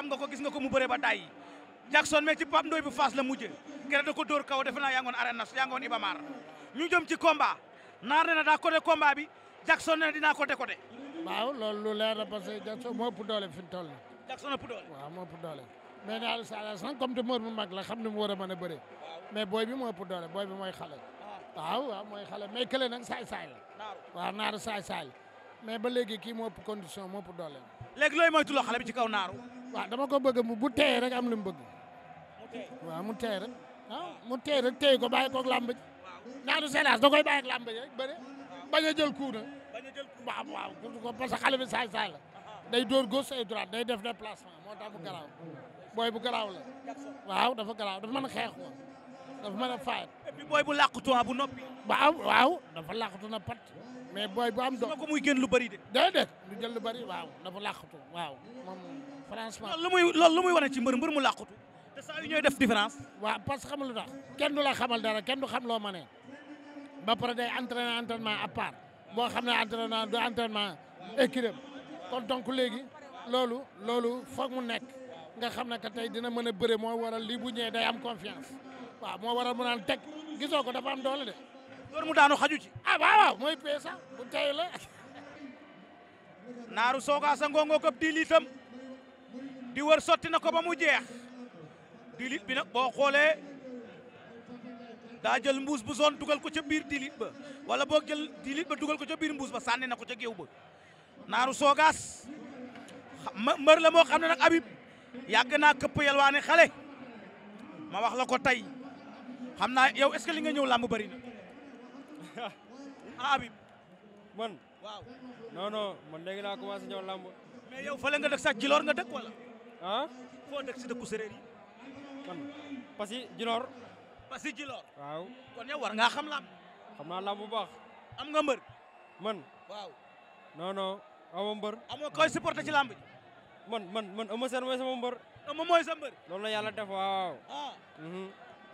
xam nga ko gis nga ko mu bëre ba tàyyi Jackson mais ci Pape Ndoye bu Fass la mujje kere da ko dóor kaw defe naa yaa ngoon arène nas yaa ngoon Ibamar ñu jëm ci combat naar ne na daa côté combat bi Jackson ne dinaa côté côté waaw loolu lu leer la parce que Jackson doole fi mu toll Jackson ëpp doole waaw moo doole mais daal sala san comme te mër mu mag la xam ne mu war a mën a bëre mais booy bi moo ëpp doole booy bi mooy xale ah. waaw waaw mooy xale mais kële nag saay-saay waaw naaru saay-saay la ba léegi kii moo ëpp condition moo ëpp doole léegi looy moytu loo bi ci kaw naaru waaw dama ko bëgg bu tey rek am lu mu bëgg. waaw mu tey rek waaw mu tey rek tey ko bàyyi koog làmb ji. ñaanu séeraas da koy bàyyi ak làmb ji rek bëri a jël coup na. waaw waaw ko parce que xale bi saay saay la. day dóor gauche ay day def déplacement moo tax bu garaaw bu garaaw la. waaw dafa garaaw dafa mën a xeex ko dafa mën a faay. booy bu làqatu bu noppi. waaw waaw dafa làqatu na pat. mais booy bu am doon ko muy gën lu bëri de. déedéet lu jël lu bëri waaw franchement loolu lu muy loolu lu muy wane ci mbër mbër mu làqutu te saa yu ñooy def différence. waaw parce que xam lu tax kenn du la xamal dara kenn du xam loo mënee ba pare day entraîner entraînement a part moo xam ne entraînement du entraînement équilibre kon donc léegi loolu loolu foog mu nekk nga xam na ka tey dina mën a bëre moo waral lii bu ñëwee day am confiance waaw moo waral mu aan teg gisoo ko dafa am doole de. loolu mu daanu xaju ci. ah waaw waaw mooy peesa bu la. naaru sooga di wër sotti na ko ba mu jeex dilit bi nag boo xoolee daa jël mbuus bu zone dugal ko ca biir dilit ba wala boo jël dilit ba dugal ko ca biir mbuus ba sànni na ko ca géew ba naaru soogaas mbër la moo xam ne nag Habib yàgg naa këpp yalwaane xale ma wax la ko tey xam naa yow est-ce li nga ñëw làmb bëri na ah Habib man waaw non non man léegi laa ñëw làmb mais yow fële nga dëkk sa jiloor nga dëkk wala ah. foo dëkk si dëkku séeréer yi. kon Passy waaw kon yow war xam lam xam naa lam bu baax. am nga mbër. man waaw. non non amoo mbër. amoo koy supporté ci lamb ji. man man mooy mbër. Eumeu mooy sa mbër. loolu la yàlla def waaw. ah. Mhm.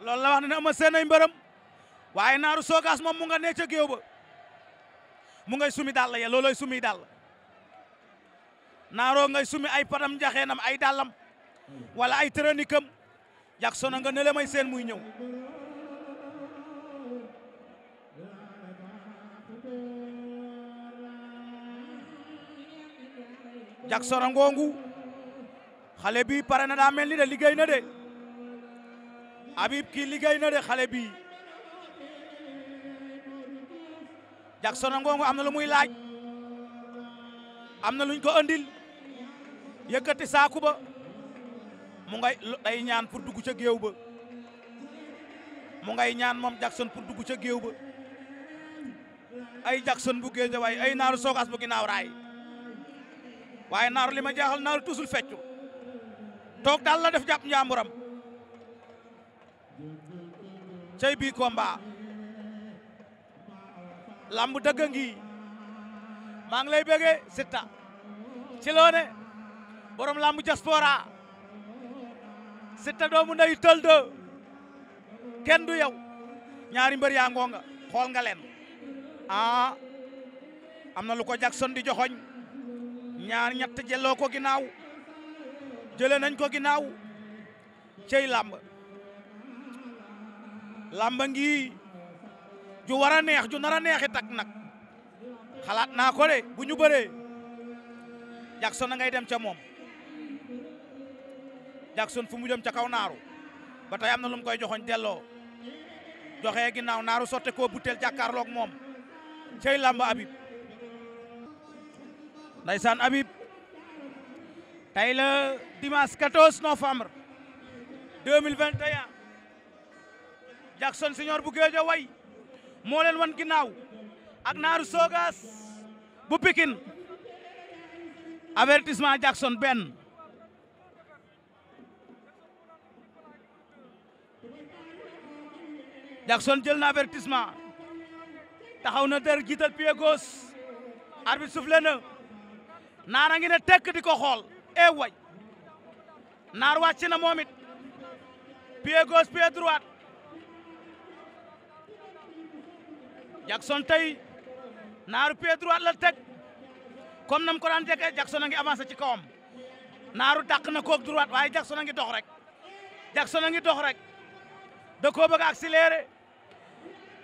loolu la wax ne Eumeu Sène ay mbëram. waaye naaru soogaas moom mu nga ne ca géew ba. mu ngay sumi daal la ya loolooy sumi daal naaroo ngay sumi ay padam njaxeenam ay dàllam wala ay tëranikam Jackson a nga ne seen muy ñëw Jackson a ngoongu xale bi pare na daa mel ni de liggéey na de Habib kii liggéey na de xale bi Jackson a ngoongu am na lu muy laaj am na luñ ko andil yëkkati saaku ba mu nga day ñaan pour dugg ca géew ba mu ngay ñaan moom Jackson pour dugg ca géew ba ay Jackson bu géej waaye ay naar soogaas bu ginnaaw raay waaye naaru li ma jaaxal naaru feccu toog daal la def jàpp njàmburam cay bii combat lamb dëgg ngi maa lay bëggee sitta ci loone borom lambu diaspora Siteu doomu ndeyu tël kenn du yow ñaari mbër yaa ngoo nga xool nga leen ah am na lu ko Jackson di joxoñ ñaar ñett jëloo ko ginnaaw jëlee nañ ko ginnaaw cey làmb làmb ngi ju war a neex ju nar a neexi tak nag xalaat naa ko bu ñu bëree Jackson a ngay dem ca moom Jackson fu mu jëm ca kaw naaru ba tey am na lu mu koy joxoñ delloo joxe ginnaaw naaru sotte koo butel jàkkaarloog moom cey làmb Habib ndaysaan Habib tey la dimanche 14 novembre 2021 Jackson Senior bu way moo wan ginnaaw ak naaru sogas bu Pikine avertissement benn Jackson jël na avertissement taxaw na der jiital pied gauche arbitre soufflé na naar a ngi ne tekk di ko xool e naar wàcc na moom it pied gauche pied droite tey naaru pied droite la teg comme nam ko daan jege Jackson a ngi avancé ci kawam naaru dàq na koog droite waaye Jackson a ngi dox rek Jackson a ngi dox rek da koo bëgg accéléré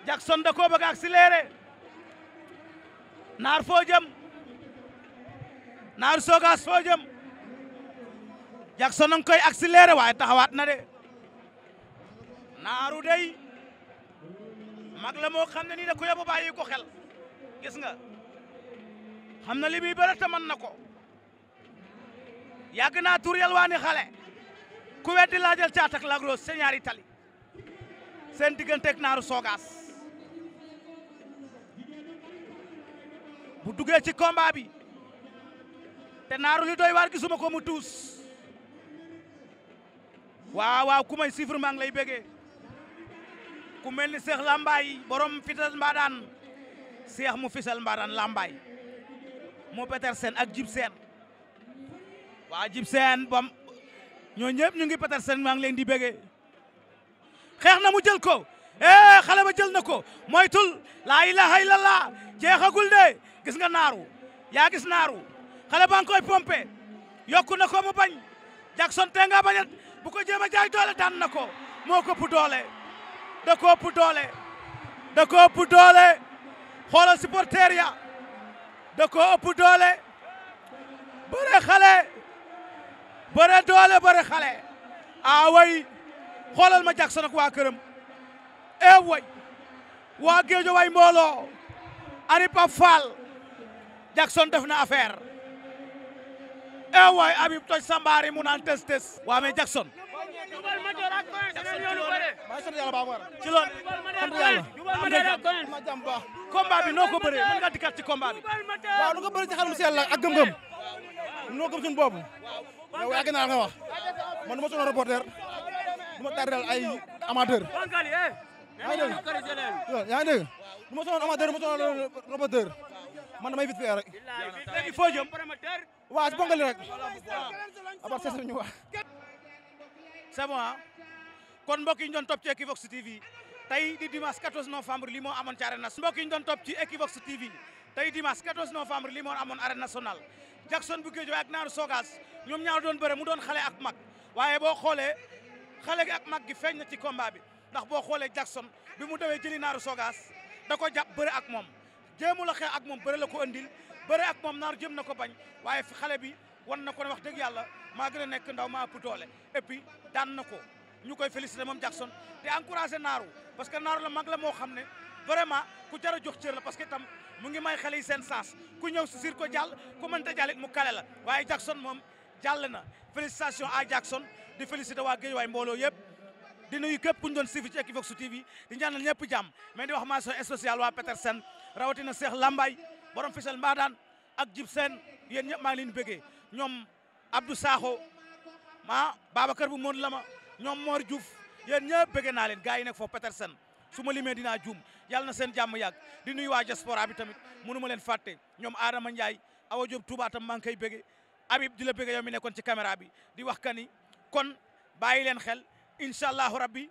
Jackson da koo bëgg a naar foo jëm naar Sogas foo jëm Jackson a ngi koy accéléré waaye taxawaat na de naaru dey mag la moo xam ne nii da ko yóbbu bàyyi ko xel gis nga xam na li muy bëre mën na ko yàgg naa tur yàlla waa ni xale ku weddi laajal caat ak seen ñaari tali seen digganteeg naaru Sogas. bu duggee ci combat bi te naaru doy waar gisuma ko mu tuus waaw waaw ku may chiffre maa ngi lay bëggee ku mel ni seex lambaay borom fital mbaadaan seex mu fisal mbaadaan lambaay mu peter seen ak jib seen waa jib seen bam ñoo ñëpp ñu ngi peter seen maa ngi leen di bege xeex na mu jël ko eh xale ba jël na ko moytul laa ilaha illallah jeexagul de gis nga naaru yaa gis naaru xale ba nga koy pompé yokku na ko bañ Jackson te nga bañat bu ko jéem a jaay doole daan na ko moo ko ëpp doole da ko ëpp doole da ko ëpp doole xoolal supporter da ko ëpp doole bëre xale bëre doole bëre xale a ah way ma Jackson ak waa këram e way waa géejo mbooloo ari Jackson def na affaire eh waay Habib sambaari mu naan tës tës waa mais Jackson. ci loolu. sant yàlla am na jàmm baax. bi noo ko bëree nga dikkaat ci combat bi. waaw lu ko bëree si yàlla ak gëm-gëm. noo gëm suñu boobu. yow yàgg naa la nga wax man du ma sonn reporter du ma tardel ay amateur. Eh. ma sonn amateur du man damay vite fait rek. léegi foo jëm. waaw ci bongali rek. abar c'est ñu wax. c'est bon kon mbokk yi ñu doon topp ci Equivox TV tey di dimanche 14 novembre li moo amoon ci arène nationale. mbokk yi ñu doon topp ci Equivox TV tey dimanche 14 novembre li moo amoon arène nationale Jackson bu Guédiawaye ak Naaru Sogas ñoom ñaar doon bëre mu doon xale ak mag waaye boo xoolee xale gi ak mag gi feeñ na ci combat bi ndax boo xoolee Jackson bi mu dawee jëli Naaru Sogas da ko jàpp bëre ak moom. jéemu la xeex ak moom bëre la ko andil bëre ak moom naar jëm na ko bañ waaye xale bi wan na ko ne wax dëgg yàlla maa gën a nekk ndaw maa ëpp doole et puis daan na ko ñu koy féliciter moom Jackson te encourager naaru parce que naaru la mag la moo xam ne vraiment ku jar a jox cër la parce que tam mu ngi may xale yi seen sens ku ñëw si sir ko jàll ku mënta jàll mu kale la waaye Jackson moom jàll na félicitation à Jackson di féliciter waa Guédiawaye mbooloo yëpp di nuyu képp ku ñu ñëpp jàmm mais di wax rawatina Cheikh Lambaye borom Fisel Mbadaan ak Jib Sène yéen ñëpp maa ngi leen bëggee ñoom Abdou Sakho ma Babacar bu Moon Lama ñoom Mor Diouf yéen ñëpp bëggee naa leen gars yi nekk foofu Petersen su ma limee dinaa juum yàlla seen jàmm yàgg di nuyu waa diaspora bi tamit mënu leen fàtte ñoom Adama Ndiaye Awa Diop Touba tam maa ngi koy bëggee Habib di la bëggee yow mi nekkoon ci caméra bi di wax ka ni kon bàyyi leen xel incha allahu rabbi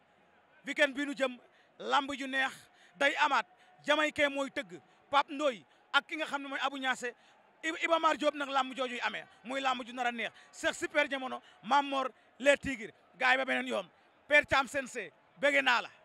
weekend bi nu jëm lamb ju neex day amaat Jamaïcain mooy tëgg Pape Ndoye ak ki nga xam ne mooy Abou Niassé Iba Mar nag làmb jooju yu amee muy làmb ju nar a neex Cheikh Super Jamono Mamor les Tigres gars yi ba beneen yoon Père Thiam Sensé bëgg naa la